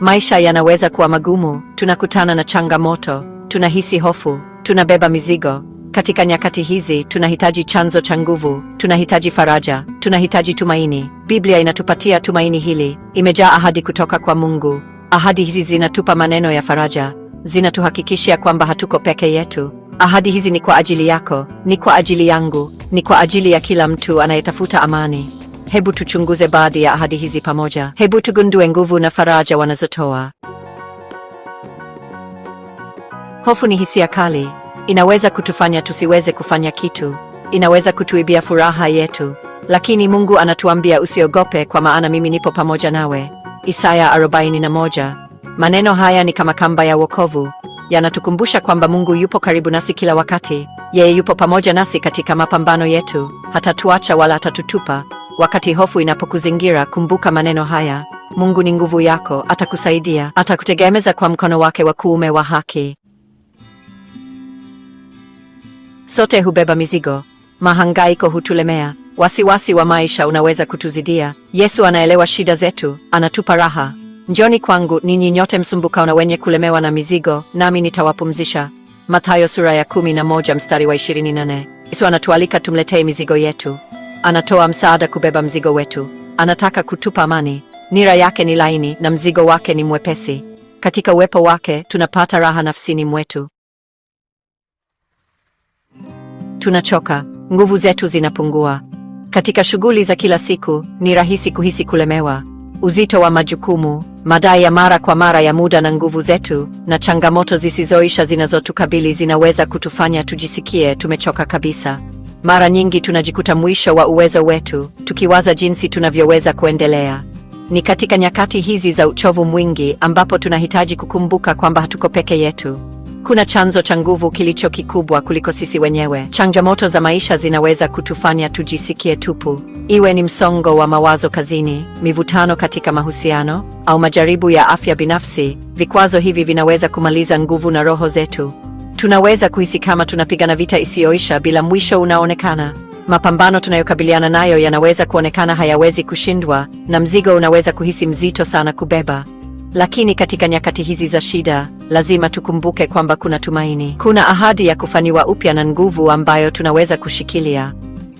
Maisha yanaweza kuwa magumu, tunakutana na changamoto, tunahisi hofu, tunabeba mizigo. Katika nyakati hizi tunahitaji chanzo cha nguvu, tunahitaji faraja, tunahitaji tumaini. Biblia inatupatia tumaini hili, imejaa ahadi kutoka kwa Mungu. Ahadi hizi zinatupa maneno ya faraja, zinatuhakikishia kwamba hatuko peke yetu. Ahadi hizi ni kwa ajili yako, ni kwa ajili yangu, ni kwa ajili ya kila mtu anayetafuta amani. Hebu tuchunguze baadhi ya ahadi hizi pamoja. Hebu tugundue nguvu na faraja wanazotoa. Hofu ni hisia kali, inaweza kutufanya tusiweze kufanya kitu, inaweza kutuibia furaha yetu, lakini Mungu anatuambia usiogope, kwa maana mimi nipo pamoja nawe. Isaya 41. Maneno haya ni kama kamba ya wokovu, yanatukumbusha kwamba Mungu yupo karibu nasi kila wakati. Yeye yupo pamoja nasi katika mapambano yetu, hatatuacha wala hatatutupa. Wakati hofu inapokuzingira, kumbuka maneno haya: Mungu ni nguvu yako, atakusaidia, atakutegemeza kwa mkono wake wa kuume wa haki. Sote hubeba mizigo, mahangaiko hutulemea, wasiwasi wa maisha unaweza kutuzidia. Yesu anaelewa shida zetu, anatupa raha. Njoni kwangu ninyi nyote msumbukao na wenye kulemewa na mizigo, nami nitawapumzisha. Mathayo sura ya 11 mstari wa 24. Yesu anatualika tumletee mizigo yetu anatoa msaada kubeba mzigo wetu, anataka kutupa amani. Nira yake ni laini na mzigo wake ni mwepesi. Katika uwepo wake tunapata raha nafsini mwetu. Tunachoka, nguvu zetu zinapungua. Katika shughuli za kila siku ni rahisi kuhisi kulemewa, uzito wa majukumu, madai ya mara kwa mara ya muda na nguvu zetu, na changamoto zisizoisha zinazotukabili zinaweza kutufanya tujisikie tumechoka kabisa. Mara nyingi tunajikuta mwisho wa uwezo wetu, tukiwaza jinsi tunavyoweza kuendelea. Ni katika nyakati hizi za uchovu mwingi ambapo tunahitaji kukumbuka kwamba hatuko peke yetu. Kuna chanzo cha nguvu kilicho kikubwa kuliko sisi wenyewe. Changamoto za maisha zinaweza kutufanya tujisikie tupu, iwe ni msongo wa mawazo kazini, mivutano katika mahusiano, au majaribu ya afya binafsi. Vikwazo hivi vinaweza kumaliza nguvu na roho zetu. Tunaweza kuhisi kama tunapigana vita isiyoisha bila mwisho unaonekana. Mapambano tunayokabiliana nayo yanaweza kuonekana hayawezi kushindwa, na mzigo unaweza kuhisi mzito sana kubeba. Lakini katika nyakati hizi za shida, lazima tukumbuke kwamba kuna tumaini, kuna ahadi ya kufanywa upya na nguvu ambayo tunaweza kushikilia.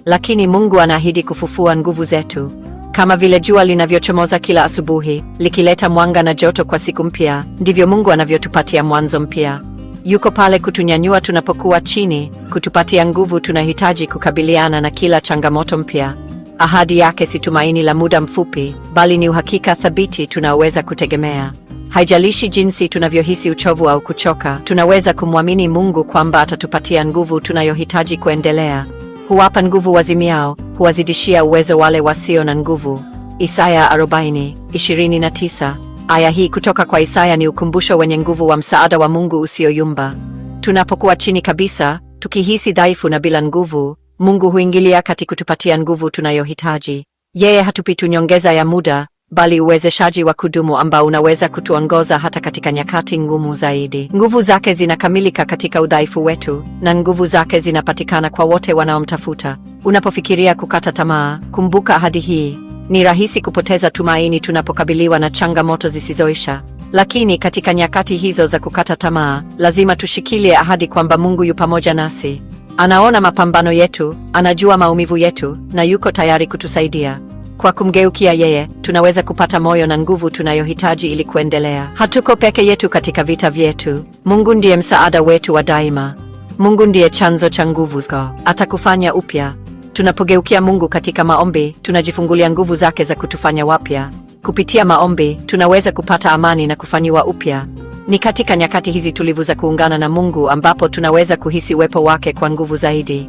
Lakini Mungu anaahidi kufufua nguvu zetu, kama vile jua linavyochomoza kila asubuhi, likileta mwanga na joto kwa siku mpya, ndivyo Mungu anavyotupatia mwanzo mpya. Yuko pale kutunyanyua tunapokuwa chini, kutupatia nguvu tunahitaji kukabiliana na kila changamoto mpya. Ahadi yake si tumaini la muda mfupi, bali ni uhakika thabiti tunaoweza kutegemea. Haijalishi jinsi tunavyohisi uchovu au kuchoka, tunaweza kumwamini Mungu kwamba atatupatia nguvu tunayohitaji kuendelea. Huwapa nguvu wazimiao, huwazidishia uwezo wale wasio na nguvu. Isaya 40:29. Aya hii kutoka kwa Isaya ni ukumbusho wenye nguvu wa msaada wa Mungu usioyumba. Tunapokuwa chini kabisa, tukihisi dhaifu na bila nguvu, Mungu huingilia kati kutupatia nguvu tunayohitaji. Yeye hatupi tu nyongeza ya muda, bali uwezeshaji wa kudumu ambao unaweza kutuongoza hata katika nyakati ngumu zaidi. Nguvu zake zinakamilika katika udhaifu wetu, na nguvu zake zinapatikana kwa wote wanaomtafuta. Unapofikiria kukata tamaa, kumbuka ahadi hii. Ni rahisi kupoteza tumaini tunapokabiliwa na changamoto zisizoisha, lakini katika nyakati hizo za kukata tamaa, lazima tushikilie ahadi kwamba Mungu yu pamoja nasi. Anaona mapambano yetu, anajua maumivu yetu, na yuko tayari kutusaidia. Kwa kumgeukia yeye, tunaweza kupata moyo na nguvu tunayohitaji ili kuendelea. Hatuko peke yetu katika vita vyetu. Mungu ndiye msaada wetu wa daima. Mungu ndiye chanzo cha nguvu zako. Atakufanya upya. Tunapogeukia Mungu katika maombi, tunajifungulia nguvu zake za kutufanya wapya. Kupitia maombi, tunaweza kupata amani na kufanyiwa upya. Ni katika nyakati hizi tulivu za kuungana na Mungu ambapo tunaweza kuhisi uwepo wake kwa nguvu zaidi.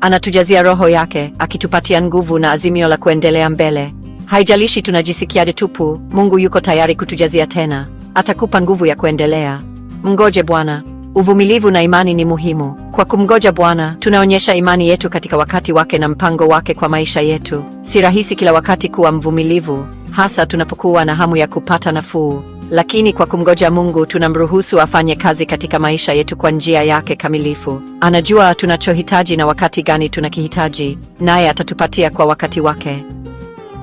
Anatujazia Roho yake, akitupatia nguvu na azimio la kuendelea mbele. Haijalishi tunajisikiaje tupu, Mungu yuko tayari kutujazia tena. Atakupa nguvu ya kuendelea. Mngoje Bwana. Uvumilivu na imani ni muhimu. Kwa kumgoja Bwana, tunaonyesha imani yetu katika wakati wake na mpango wake kwa maisha yetu. Si rahisi kila wakati kuwa mvumilivu, hasa tunapokuwa na hamu ya kupata nafuu, lakini kwa kumgoja Mungu tunamruhusu afanye kazi katika maisha yetu kwa njia yake kamilifu. Anajua tunachohitaji na wakati gani tunakihitaji, naye atatupatia kwa wakati wake.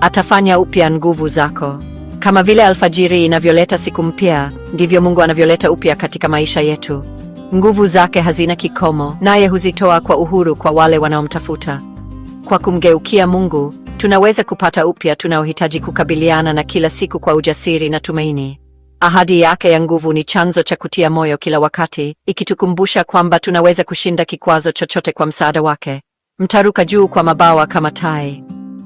Atafanya upya nguvu zako. Kama vile alfajiri inavyoleta siku mpya, ndivyo Mungu anavyoleta upya katika maisha yetu. Nguvu zake hazina kikomo, naye huzitoa kwa uhuru kwa wale wanaomtafuta. Kwa kumgeukia Mungu, tunaweza kupata upya tunaohitaji kukabiliana na kila siku kwa ujasiri na tumaini. Ahadi yake ya nguvu ni chanzo cha kutia moyo kila wakati, ikitukumbusha kwamba tunaweza kushinda kikwazo chochote kwa msaada wake. Mtaruka juu kwa mabawa kama tai.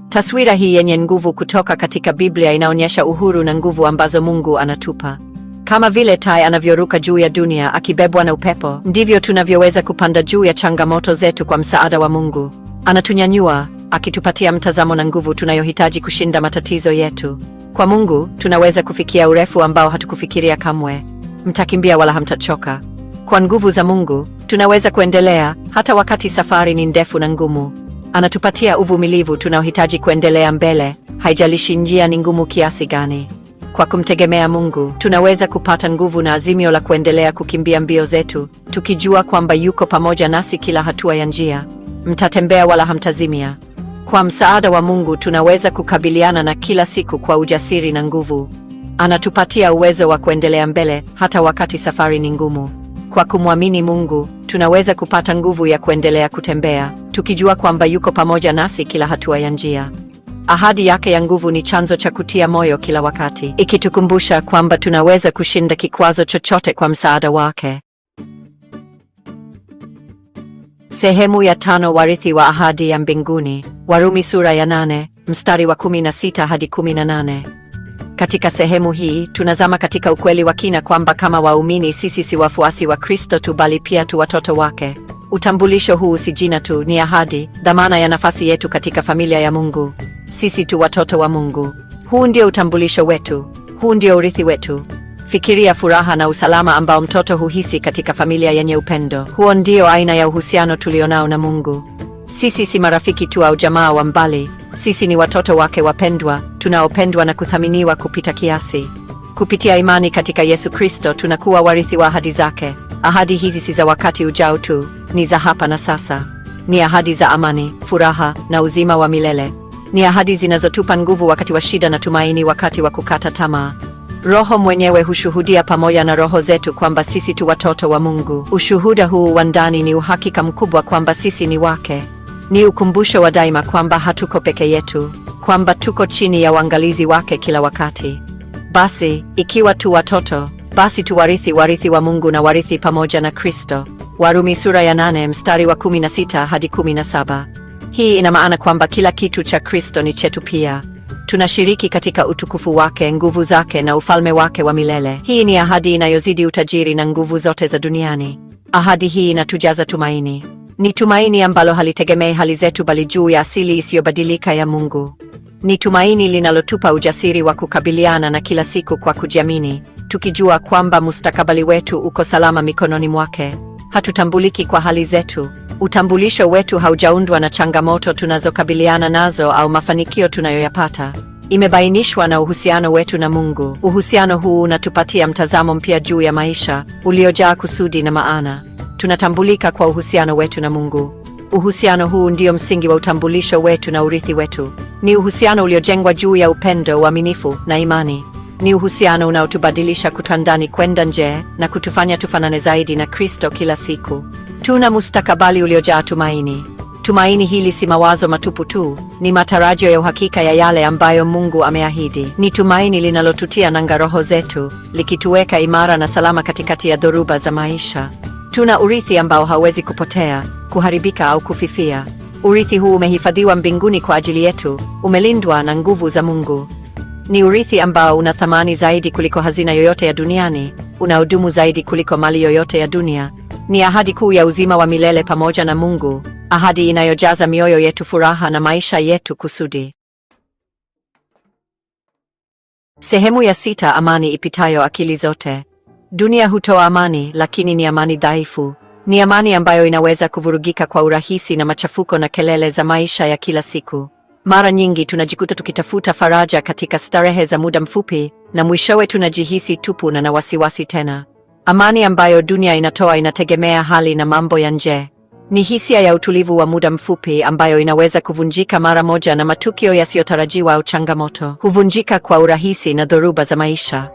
Taswira hii yenye nguvu kutoka katika Biblia inaonyesha uhuru na nguvu ambazo Mungu anatupa. Kama vile tai anavyoruka juu ya dunia akibebwa na upepo, ndivyo tunavyoweza kupanda juu ya changamoto zetu kwa msaada wa Mungu. Anatunyanyua, akitupatia mtazamo na nguvu tunayohitaji kushinda matatizo yetu. Kwa Mungu tunaweza kufikia urefu ambao hatukufikiria kamwe. Mtakimbia wala hamtachoka. Kwa nguvu za Mungu tunaweza kuendelea hata wakati safari ni ndefu na ngumu. Anatupatia uvumilivu tunaohitaji kuendelea mbele, haijalishi njia ni ngumu kiasi gani. Kwa kumtegemea Mungu, tunaweza kupata nguvu na azimio la kuendelea kukimbia mbio zetu, tukijua kwamba yuko pamoja nasi kila hatua ya njia. Mtatembea wala hamtazimia. Kwa msaada wa Mungu, tunaweza kukabiliana na kila siku kwa ujasiri na nguvu. Anatupatia uwezo wa kuendelea mbele hata wakati safari ni ngumu. Kwa kumwamini Mungu, tunaweza kupata nguvu ya kuendelea kutembea, tukijua kwamba yuko pamoja nasi kila hatua ya njia. Ahadi yake ya nguvu ni chanzo cha kutia moyo kila wakati, ikitukumbusha kwamba tunaweza kushinda kikwazo chochote kwa msaada wake. Sehemu ya tano: warithi wa ahadi ya mbinguni. Warumi sura ya nane mstari wa 16 hadi 18. Katika sehemu hii tunazama katika ukweli wa kina kwamba kama waumini sisi si wafuasi wa Kristo tu, bali pia tu watoto wake. Utambulisho huu si jina tu, ni ahadi, dhamana ya nafasi yetu katika familia ya Mungu. Sisi tu watoto wa Mungu. Huu ndio utambulisho wetu, huu ndio urithi wetu. Fikiria furaha na usalama ambao mtoto huhisi katika familia yenye upendo. Huo ndio aina ya uhusiano tulionao na Mungu. Sisi si marafiki tu au jamaa wa mbali. Sisi ni watoto wake wapendwa, tunaopendwa na kuthaminiwa kupita kiasi. Kupitia imani katika Yesu Kristo, tunakuwa warithi wa ahadi zake. Ahadi hizi si za wakati ujao tu, ni za hapa na sasa. Ni ahadi za amani, furaha na uzima wa milele. Ni ahadi zinazotupa nguvu wakati wa shida na tumaini wakati wa kukata tamaa. Roho mwenyewe hushuhudia pamoja na roho zetu kwamba sisi tu watoto wa Mungu. Ushuhuda huu wa ndani ni uhakika mkubwa kwamba sisi ni wake. Ni ukumbusho wa daima kwamba hatuko peke yetu, kwamba tuko chini ya uangalizi wake kila wakati. Basi ikiwa tu watoto, basi tu warithi, warithi wa Mungu na warithi pamoja na Kristo. Warumi sura ya 8 mstari wa 16 hadi 17. Hii ina maana kwamba kila kitu cha Kristo ni chetu pia. Tunashiriki katika utukufu wake, nguvu zake na ufalme wake wa milele. Hii ni ahadi inayozidi utajiri na nguvu zote za duniani. Ahadi hii inatujaza tumaini. Ni tumaini ambalo halitegemei hali zetu, bali juu ya asili isiyobadilika ya Mungu. Ni tumaini linalotupa ujasiri wa kukabiliana na kila siku kwa kujiamini, tukijua kwamba mustakabali wetu uko salama mikononi mwake. Hatutambuliki kwa hali zetu Utambulisho wetu haujaundwa na changamoto tunazokabiliana nazo au mafanikio tunayoyapata. Imebainishwa na uhusiano wetu na Mungu. Uhusiano huu unatupatia mtazamo mpya juu ya maisha uliojaa kusudi na maana. Tunatambulika kwa uhusiano wetu na Mungu. Uhusiano huu ndio msingi wa utambulisho wetu na urithi wetu. Ni uhusiano uliojengwa juu ya upendo, uaminifu na imani. Ni uhusiano unaotubadilisha kutoka ndani kwenda nje na kutufanya tufanane zaidi na Kristo kila siku. Tuna mustakabali uliojaa tumaini. Tumaini hili si mawazo matupu tu, ni matarajio ya uhakika ya yale ambayo Mungu ameahidi. Ni tumaini linalotutia nanga roho zetu, likituweka imara na salama katikati ya dhoruba za maisha. Tuna urithi ambao hawezi kupotea, kuharibika au kufifia. Urithi huu umehifadhiwa mbinguni kwa ajili yetu, umelindwa na nguvu za Mungu. Ni urithi ambao una thamani zaidi kuliko hazina yoyote ya duniani, unaodumu zaidi kuliko mali yoyote ya dunia, ni ahadi kuu ya uzima wa milele pamoja na Mungu, ahadi inayojaza mioyo yetu furaha na maisha yetu kusudi. Sehemu ya sita: amani ipitayo akili zote. Dunia hutoa amani, lakini ni amani dhaifu. Ni amani ambayo inaweza kuvurugika kwa urahisi na machafuko na kelele za maisha ya kila siku. Mara nyingi tunajikuta tukitafuta faraja katika starehe za muda mfupi, na mwishowe tunajihisi tupu na na wasiwasi tena. Amani ambayo dunia inatoa inategemea hali na mambo ya nje. Ni hisia ya utulivu wa muda mfupi ambayo inaweza kuvunjika mara moja na matukio yasiyotarajiwa au changamoto. Huvunjika kwa urahisi na dhoruba za maisha.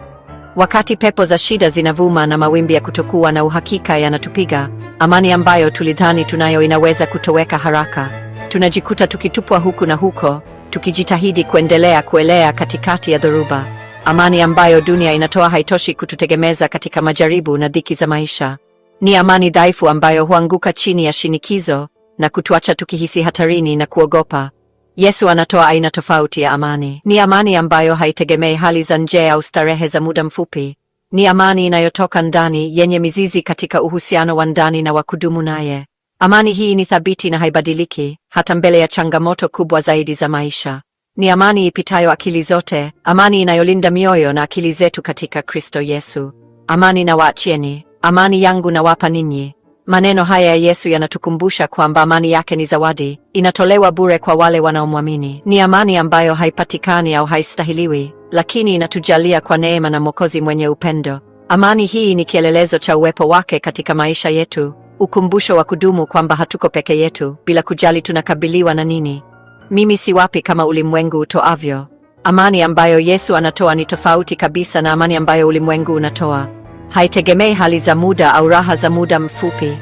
Wakati pepo za shida zinavuma na mawimbi ya kutokuwa na uhakika yanatupiga, amani ambayo tulidhani tunayo inaweza kutoweka haraka. Tunajikuta tukitupwa huku na huko, tukijitahidi kuendelea kuelea katikati ya dhoruba. Amani ambayo dunia inatoa haitoshi kututegemeza katika majaribu na dhiki za maisha. Ni amani dhaifu ambayo huanguka chini ya shinikizo na kutuacha tukihisi hatarini na kuogopa. Yesu anatoa aina tofauti ya amani. Ni amani ambayo haitegemei hali za nje au starehe za muda mfupi. Ni amani inayotoka ndani, yenye mizizi katika uhusiano wa ndani na wa kudumu naye. Amani hii ni thabiti na haibadiliki hata mbele ya changamoto kubwa zaidi za maisha ni amani ipitayo akili zote, amani inayolinda mioyo na akili zetu katika Kristo Yesu. Amani na waachieni, amani yangu nawapa ninyi. Maneno haya ya Yesu yanatukumbusha kwamba amani yake ni zawadi, inatolewa bure kwa wale wanaomwamini. Ni amani ambayo haipatikani au haistahiliwi, lakini inatujalia kwa neema na Mwokozi mwenye upendo. Amani hii ni kielelezo cha uwepo wake katika maisha yetu, ukumbusho wa kudumu kwamba hatuko peke yetu, bila kujali tunakabiliwa na nini. Mimi si wapi kama ulimwengu utoavyo. Amani ambayo Yesu anatoa ni tofauti kabisa na amani ambayo ulimwengu unatoa. Haitegemei hali za muda au raha za muda mfupi.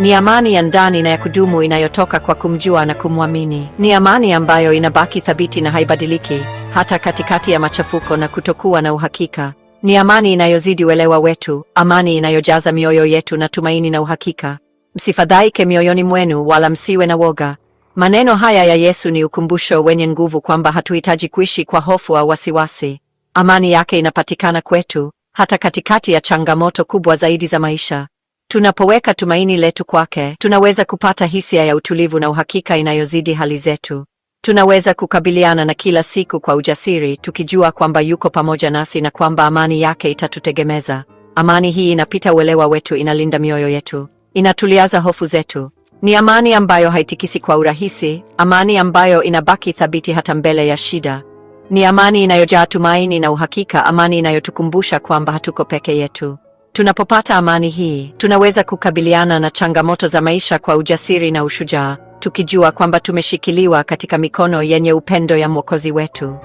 Ni amani ya ndani na ya kudumu inayotoka kwa kumjua na kumwamini. Ni amani ambayo inabaki thabiti na haibadiliki hata katikati ya machafuko na kutokuwa na uhakika. Ni amani inayozidi uelewa wetu, amani inayojaza mioyo yetu na tumaini na uhakika. Msifadhaike mioyoni mwenu, wala msiwe na woga. Maneno haya ya Yesu ni ukumbusho wenye nguvu kwamba hatuhitaji kuishi kwa hofu au wasiwasi. Amani yake inapatikana kwetu hata katikati ya changamoto kubwa zaidi za maisha. Tunapoweka tumaini letu kwake, tunaweza kupata hisia ya utulivu na uhakika inayozidi hali zetu. Tunaweza kukabiliana na kila siku kwa ujasiri, tukijua kwamba yuko pamoja nasi na kwamba amani yake itatutegemeza. Amani hii inapita uelewa wetu, inalinda mioyo yetu, inatuliaza hofu zetu ni amani ambayo haitikisi kwa urahisi, amani ambayo inabaki thabiti hata mbele ya shida. Ni amani inayojaa tumaini na uhakika, amani inayotukumbusha kwamba hatuko peke yetu. Tunapopata amani hii, tunaweza kukabiliana na changamoto za maisha kwa ujasiri na ushujaa, tukijua kwamba tumeshikiliwa katika mikono yenye upendo ya Mwokozi wetu.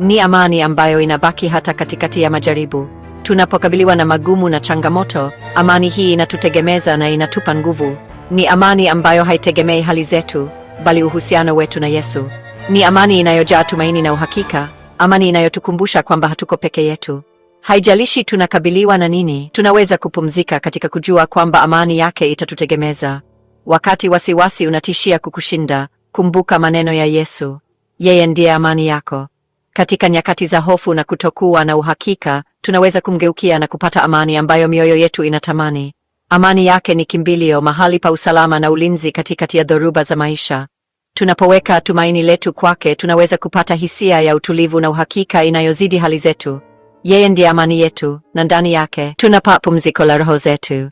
Ni amani ambayo inabaki hata katikati ya majaribu. Tunapokabiliwa na magumu na changamoto, amani hii inatutegemeza na inatupa nguvu. Ni amani ambayo haitegemei hali zetu, bali uhusiano wetu na Yesu. Ni amani inayojaa tumaini na uhakika, amani inayotukumbusha kwamba hatuko peke yetu. Haijalishi tunakabiliwa na nini, tunaweza kupumzika katika kujua kwamba amani yake itatutegemeza. Wakati wasiwasi unatishia kukushinda, kumbuka maneno ya Yesu: yeye ndiye amani yako. Katika nyakati za hofu na kutokuwa na uhakika, tunaweza kumgeukia na kupata amani ambayo mioyo yetu inatamani. Amani yake ni kimbilio, mahali pa usalama na ulinzi katikati ya dhoruba za maisha. Tunapoweka tumaini letu kwake, tunaweza kupata hisia ya utulivu na uhakika inayozidi hali zetu. Yeye ndiye amani yetu, na ndani yake tunapata pumziko la roho zetu.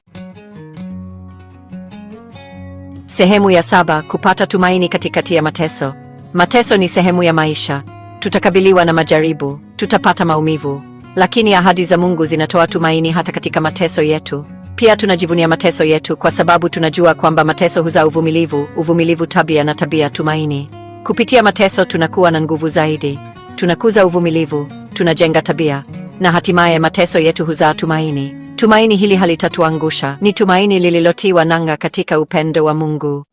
Sehemu ya saba: kupata tumaini katikati ya mateso. Mateso ni sehemu ya maisha. Tutakabiliwa na majaribu, tutapata maumivu, lakini ahadi za Mungu zinatoa tumaini hata katika mateso yetu. Pia tunajivunia mateso yetu kwa sababu tunajua kwamba mateso huzaa uvumilivu, uvumilivu tabia, na tabia tumaini. Kupitia mateso tunakuwa na nguvu zaidi, tunakuza uvumilivu, tunajenga tabia, na hatimaye mateso yetu huzaa tumaini. Tumaini hili halitatuangusha, ni tumaini lililotiwa nanga katika upendo wa Mungu.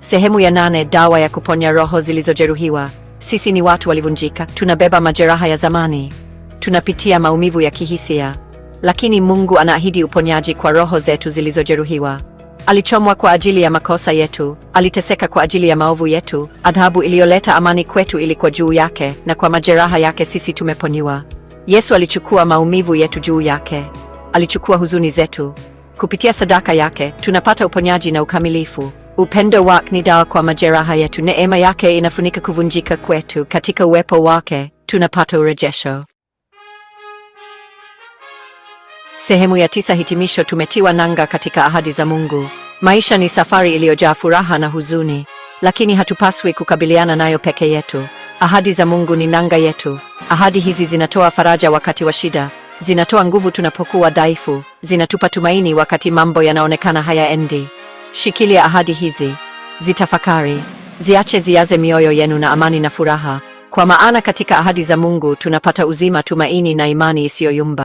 Sehemu ya nane: dawa ya kuponya roho zilizojeruhiwa. Sisi ni watu walivunjika, tunabeba majeraha ya zamani tunapitia maumivu ya kihisia, lakini Mungu anaahidi uponyaji kwa roho zetu zilizojeruhiwa. Alichomwa kwa ajili ya makosa yetu, aliteseka kwa ajili ya maovu yetu. Adhabu iliyoleta amani kwetu ilikuwa juu yake, na kwa majeraha yake sisi tumeponywa. Yesu alichukua maumivu yetu juu yake, alichukua huzuni zetu. Kupitia sadaka yake tunapata uponyaji na ukamilifu. Upendo wake ni dawa kwa majeraha yetu, neema yake inafunika kuvunjika kwetu. Katika uwepo wake tunapata urejesho. Sehemu ya tisa. Hitimisho. Tumetiwa nanga katika ahadi za Mungu. Maisha ni safari iliyojaa furaha na huzuni, lakini hatupaswi kukabiliana nayo peke yetu. Ahadi za Mungu ni nanga yetu. Ahadi hizi zinatoa faraja wakati wa shida, zinatoa nguvu tunapokuwa dhaifu, zinatupa tumaini wakati mambo yanaonekana hayaendi. Shikilia ahadi hizi, zitafakari, ziache ziaze mioyo yenu na amani na furaha, kwa maana katika ahadi za Mungu tunapata uzima, tumaini na imani isiyoyumba.